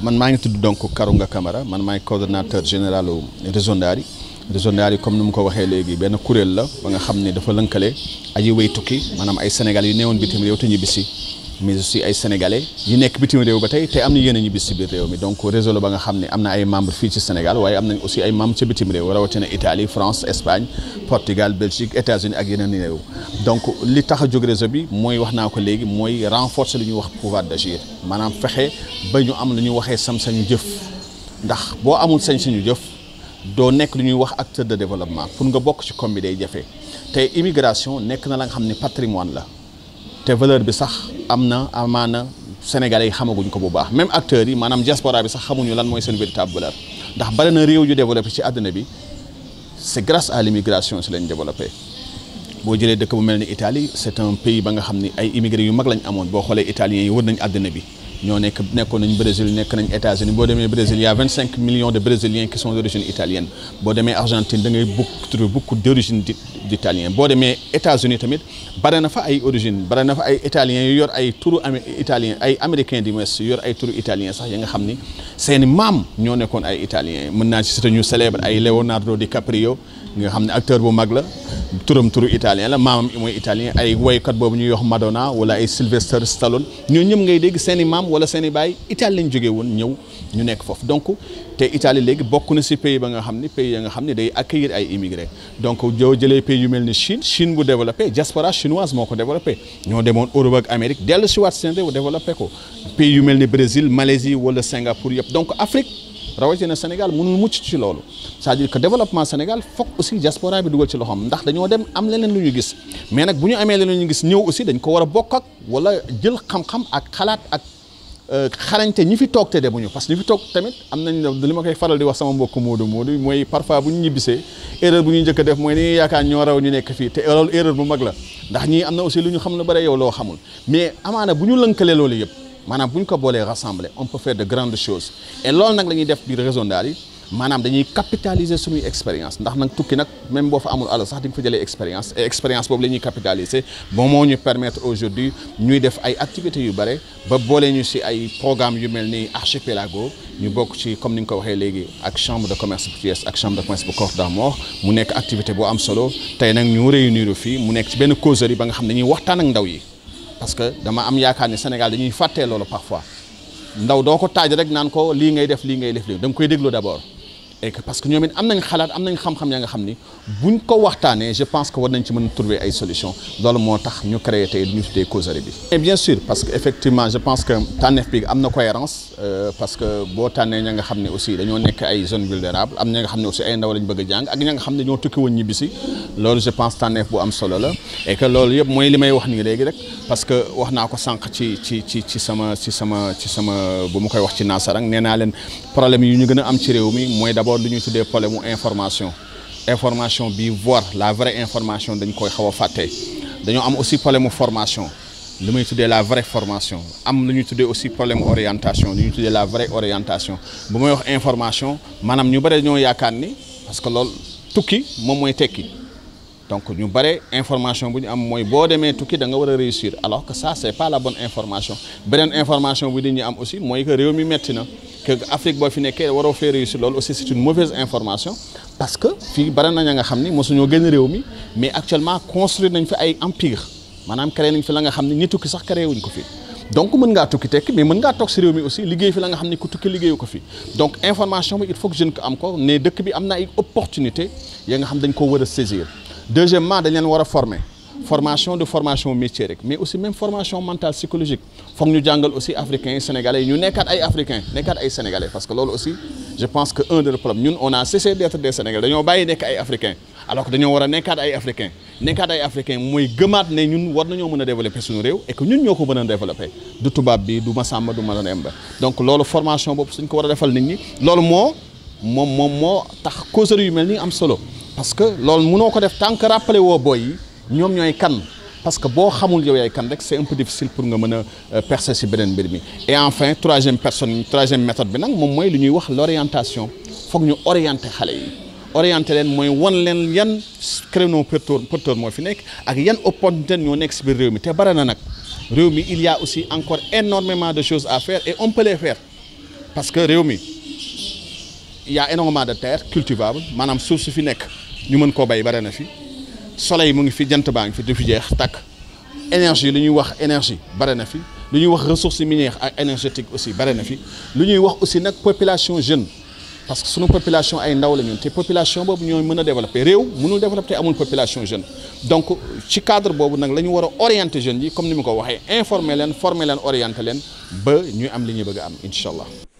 man maa ngi tudd donc Karounga Camara man maa maay coordonnateur général réseau Ndaari réseau Ndaari comme ni mu ko waxee léegi benn kuréel la ba nga xam ne dafa lënkale aji way tukki maanaam ay Sénégal yu neewoon bitim yow te ñibbisi mais aussi ay sénégalais yu nekk bitim réew ba tey te am na yéen a ñu bis si biir réew mi donc réseau la ba nga xam ne am na ay membres fii ci Sénégal waaye am nañ aussi ay membres ca bitim réew rawatina Italie France Espagne Portugal Belgique États-Unis ak yeneen réew donc li tax a jóg réseau bi mooy wax naa ko léegi mooy renforcer lu ñuy wax pouvoir d'agir maanaam fexe ba ñu am lu ñuy waxee sañ jëf ndax boo amul sañ-sañu jëf doo nekk lu ñuy wax acteur de développement pour nga bokk ci comme bi day jafe te immigration nekk na la nga xam ne patrimoine la am na amaana sénégalais yi xamaguñ ko bu baax même acteurs yi maanaam diaspora bi sax xamuñu lan mooy seen véritable valeur ndax bari na réew yu développé ci àdduna bi c'est grâce à l'immigration si lañ développé boo jëlee dëkk bu mel ni Italie c'est un pays ba nga xam ni ay immigrés yu mag lañ amoon boo xoolee italiens yi wër nañ àdduna bi ñoo nekk nekkoon nañ Brésil nekk nañ États-Unis boo demee Brésil y a vingt cinq millions de brésiliens qui sont d'origine italienne boo demee Argentine da ngay beaucoup trouver beaucoup d'italien boo demee États-Unis tamit bare na fa ay origine bare na fa ay italiens yu yor ay turu am italien ay américain américains du West yor ay turu italien sax ya nga xam ni seeni maam ñoo nekkoon ay italiens mën naa ci citer ñu célèbre ay Leonardo DiCaprio nga xam ne acteur bu mag la turam turu italien la maamam mooy italien ay woykat boobu ñu wax Madonna wala ay Sylvester Stallone ñoo ñëpp ngay dégg seeni i maam wala seeni i baay Italie lañ jógee woon ñëw ñu nekk foofu donc te Italie léegi bokk na si pays ba nga xam ni pays ya nga xam ne day accueillir ay immigré donc joo jëlee pays yu mel ni Chine Chine bu développé diaspora chinoise moo ko développé ñoo demoon Europe ak Amérique dellu si waat seen réew développé ko mel ni Brésil Malaisie wala Singapour yëpp donc Afrique rawatina Sénégal mënul mucc ci loolu c'est-à-dire que développement Sénégal foog aussi diaspora bi dugal ci loxoom ndax dañoo dem am leneen lu ñu gis mais nag bu ñu amee leneen lu ñu gis ñëw aussi dañ ko war a bokk ak wala jël xam-xam ak xalaat ak euh, xarañte ñi fi toog te demuñu parce que ñi fi toog tamit am nañ li ma koy faral di wax sama mbokk Moodu Moodu mooy parfois bu ñu ñibbisee erreur bu ñuy njëkk a def mooy dañuy yaakaar ñoo raw ñu nekk fii te loolu erreur bu mag la ndax ñii am na aussi lu ñu xam lu bare yow loo xamul mais amaana bu ñu lënkalee loolu yëpp maanaam bu ñu ko boolee rassembler on peut faire de grandes choses et loolu nag la def biir réseau Ndaar yi maanaam dañuy capitaliser suñuy expérience ndax nag tukki nag même boo fa amul alal sax di nga fa jëlee expérience et expérience boobu la ñuy capitaliser ba moo ñu permettre aujourd'hui ñuy def ay activités yu bare ba boolee ñu ci ay programme yu mel ni archipelago ñu bokk ci comme ni nga ko waxee léegi ak chambre de commerce bu Thiès ak chambre de commerce bu mu nekk am solo tey nag ñu réunir fii mu nekk ci benn causerie ba nga xam ne dañuy waxtaan ndaw yi parce que dama am yaakaar ne Sénégal dañuy fàttee loolu parfois ndaw doo ko taaj rek naan ko lii ngay def lii ngay def lii da nga koy déglu d'abord et que parce que ñoom it am nañ xalaat am nañ xam-xam yaa nga xam ni buñ ko waxtaanee je pense que war nañ ci mën a trouver ay solution loolu moo tax ñu créé tey lu ñu tuddee causerie bi. et bien sûr parce que effectivement je pense que tànneef bi am na cohérence euh, parce que boo tànnee xam ne aussi dañoo nekk ay zones vulnérables am ña nga ne aussi ndaw lañ bëgg a jàng ak ña nga xam ne ñoo tukki woon ñibbisi loolu je pense tànneef bu am solo la et que loolu yëpp mooy li may wax nii léegi rek parce que wax naa ko sànq ci ci ci ci sama sama ci sama bu koy wax ci naasarang nee naa leen problème yi ñu am ci réew mi mooy d'abord lu ñuy tuddee problème mu information information bi voir la vraie information dañ koy xaw a fàtte dañoo am aussi problème mu formation li may tuddee la vraie formation am lu ñuy tuddee aussi problème orientation lu la vraie orientation bu may information maanaam ñu bare ñoo yaakaar ni parce que loolu tukki moom mooy tekki donc ñu bare information bu ñu am mooy boo demee tukki da nga war a réussir alors que ça c'est pas la bonne information beneen information bu nit am aussi mooy que réew mi metti na. que Afrique boo fi nekkee waroo fee réussir loolu aussi c'est une mauvaise information parce que fii bari na ña nga xam ni mosuñoo génn réew mi mais actuellement construire nañ fi ay empire maanaam créé nañ fi la nga xam ni ñi tukki sax créé wuñ ko fi donc mën ngaa tukki tekki mais mën ngaa toog si réew mi aussi liggéey fi la nga xam ni ku tukki liggéeyu ko fi donc information bi il faut que jeune ko am ko ne dëkk bi am na ay opportunité ya nga xam dañ ko war a saisir deuxièmement dañ leen war formation de formation métier rek mais aussi même formation mentale psychologique foog ñu jàngal aussi africains yi sénégalais ñu nekkaat ay africains nekkaat ay sénégalais parce que loolu aussi je pense que un des problèmes ñun on a cessé d'être des sénégalais dañoo bàyyi nekk ay africains alors que dañoo war a nekkaat ay africains nekkaat ay africains mooy gëmaat ne ñun war nañoo mën a développer suñu réew et ñun ñoo ko mën a développer du tubaab bi du Masamba du Mademba donc loolu boobu suñ ko war a defal nit loolu moo moom moom moo tax causerie yu mel ni am solo parce que loolu mënoo ko def tant que woo boy yi ñoom ñooy kan parce que boo xamul yow yaay kan rek c'est un peu difficile pour nga mën a euh, percer ci beneen mbir mi et enfin troisième personne troisième méthode bi nag moom mooy li ñuy wax l'orientation foog ñu orienter xale yi orienter leen mooy wan leen yan créneau porteur porteur moo fi nekk ak yan opportunité ñoo nekk si biir réew mi te bare na nag réew mi il y a aussi encore énormément de choses à faire et on peut parce que réew mi il y de terres cultivables maanaam suuf su fi nekk ñu mën koo bay bare na fi soleil mu ngi fi jant baa ngi fi du fi jeex tàkk énergie lu ñuy wax énergie bare na fi lu ñuy wax ressources minières ak énergétique aussi bare na fi lu ñuy wax aussi nag population jeune parce que sunu population ay ndaw la ñun te population boobu ñooy mën a développer réew mënul développer amul population jeune donc ci cadre boobu nag la ñu war a orienter jeunes yi comme ni mu ko waxee informer leen former leen orienter leen ba ñu am li ñuy bëgg a am incha